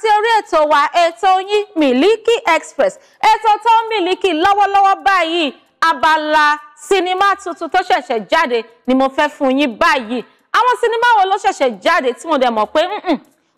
sí orí ètò wa ètò yín Miliki Express ètò tó ń Miliki lọ́wọ́lọ́wọ́ báyìí abala sinimá tuntun tó ṣẹ̀ṣẹ̀ jáde ni mo fẹ́ fún yín báyìí àwọn sinimá wo ló ṣẹ̀ṣẹ̀ jáde tí mo dẹ̀ mọ̀ pé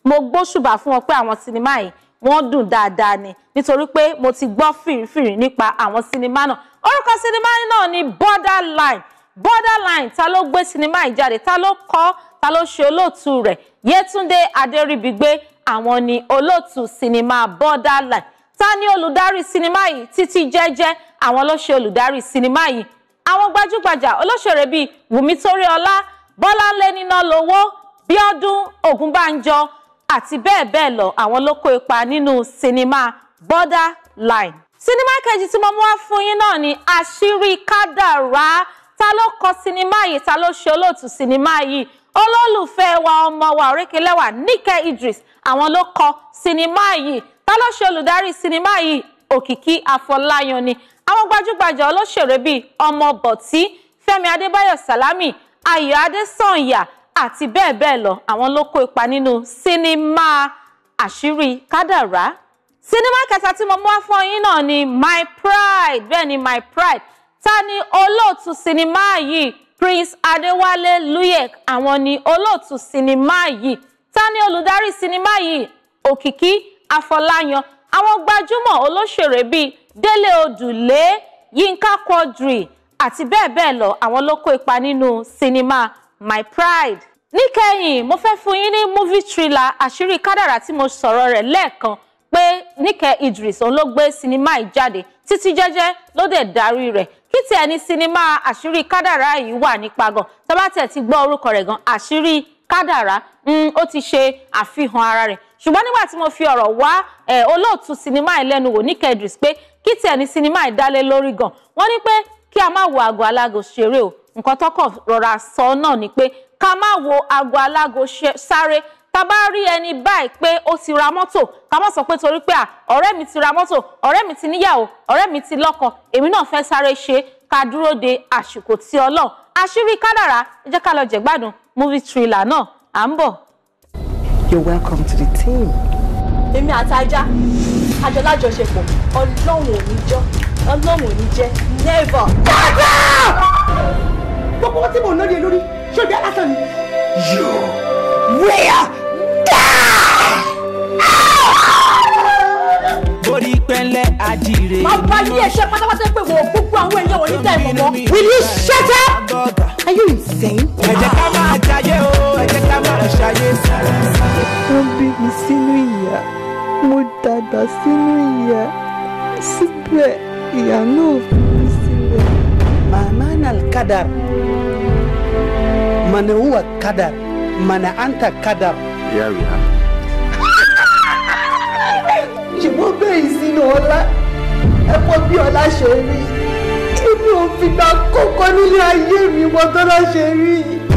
mo gbóṣùbà fún wọn pé àwọn sinimá yìí wọ́n dùn dáadáa ni nítorí pé mo ti gbọ́ fìrìfìrì nípa àwọn sinimá náà orúkọ sinimá náà ni borderline borderline ta ló gbé sinimá yìí jáde ta ló kọ ta ló ṣe olóòtú rẹ̀ Yétúndé Adéríbigbé àwọn ni olóòtú sinimá Borderline ta ni olùdarí sinimá yìí títí jẹ́jẹ́ àwọn ló ṣe olùdarí sinimá yìí àwọn gbajúgbajà olóṣèré bíi Wùmí Tóríọlá Bọ́láńlé Nínálowó Bíọ́dún Ògúnbànjọ àti bẹ́ẹ̀ bẹ́ẹ̀ lọ àwọn ló kó ipa nínú sinimá Borderline sinimá kejì tí mo mú wá fún yín náà ni àṣírí kádàrá ta ló kọ sinimá yìí ta ló ṣe olóòtú sinimá yìí olólùfẹ́ wa ọmọ wa òrékelẹ́wà Nike Idris àwọn ló kọ sinimá yìí ta ló ṣe olùdarí sinimá yìí Òkìkí Afọláyan ni àwọn gbajúgbajà olóṣèré bíi ọmọ bọ̀tí Fẹ́mi Adébáyọ̀ Sàlámì Ayọ̀ Adésànyà àti bẹ́ẹ̀ bẹ́ẹ̀ lọ àwọn ló kó ipa nínú sinimá àṣírí kádàrá sinimá kẹta tí mo mú wá fún yín náà ni My Pride bẹ́ẹ̀ ni My Pride ta ni olóòtú sinimá yìí Prince Adéwálé Luyek àwọn ni olóòtú sinimá yìí ta ni olùdarí sinimá yìí Òkìkí Afọláyan àwọn gbajúmọ̀ olóṣèré bíi Délé Odùlé Yínká Quadri àti bẹ́ẹ̀ bẹ́ẹ̀ lọ àwọn ló kó ipa nínú sinimá My Pride. níkẹyìn mo fẹ́ fún yín ní movie thriller àṣírí kádàrá tí mo sọ̀rọ̀ rẹ̀ lẹ́ẹ̀kan pé Níkẹ́ Idris òun ló gbé sinimá yìí jáde títí jẹ́jẹ́ ló dẹ̀ darí rẹ̀ kí tiẹ̀ ní sinimá àṣírí kádàrá yìí wà nípa gan tó bá tiẹ̀ ti gbọ́ orúkọ rẹ̀ gan àṣírí kádàrá mm, ó ti ṣe àfihàn ara rẹ̀ ṣùgbọ́n nígbà tí mo fi ọ̀rọ̀ wá olóòtú sinimá ìlẹ́nu wò ní kedris pé kí tiẹ̀ ní sinimá ìdálé lórí gan wọ́n ní pé kí a má wo àgọ́ alágò ṣeré o nǹkan tọkọ̀ rọra sọ náà ni pé ká má wo àgọ́ alágò sáré tá bá rí ẹni báyìí pé ó ti ra mọ́tò ká má sọ pé torí pé à ọ̀rẹ́ mi ti ra mọ́tò ọ̀rẹ́ mi ti níyàwó ọ̀rẹ́ mi ti lọ́kọ èmi náà fẹ́ sáré ṣe ká dúró de àsìkò tí Ọlọ́run àṣírí kádàrá ẹ jẹ́ ká lọ jẹ̀gbádùn movie thriller náà à ń bọ̀. You're welcome to the team. èmi àtajá àjọlájọṣepọ̀ ọlọ́run ò ní jọ́ ọlọ́run ò ní never. dáadáa gbogbo wọn tí mò ń lóde lórí ṣé ibi alásán ni. yóò wíyà. jire. máa bá yí ẹ̀ṣẹ́ pátápátá pé wọ́n gbogbo àwọn èèyàn wọ̀nyí dá ìmọ̀ will you shut up? are you insane? ẹ ká máa jayé o ẹ ká máa ṣayé. wọ́n bí mi sínú ìyà mo dàgbà sínú ìyà síbẹ̀ ìyà náà fi mí sílẹ̀. màmá náà kádàr mànà hùwà kádàr mànà àǹtà kádàr. yàrá. fìgbà kọ́kọ́ nílé ayé mi wọ́n tọ́lá ṣe rí yìí.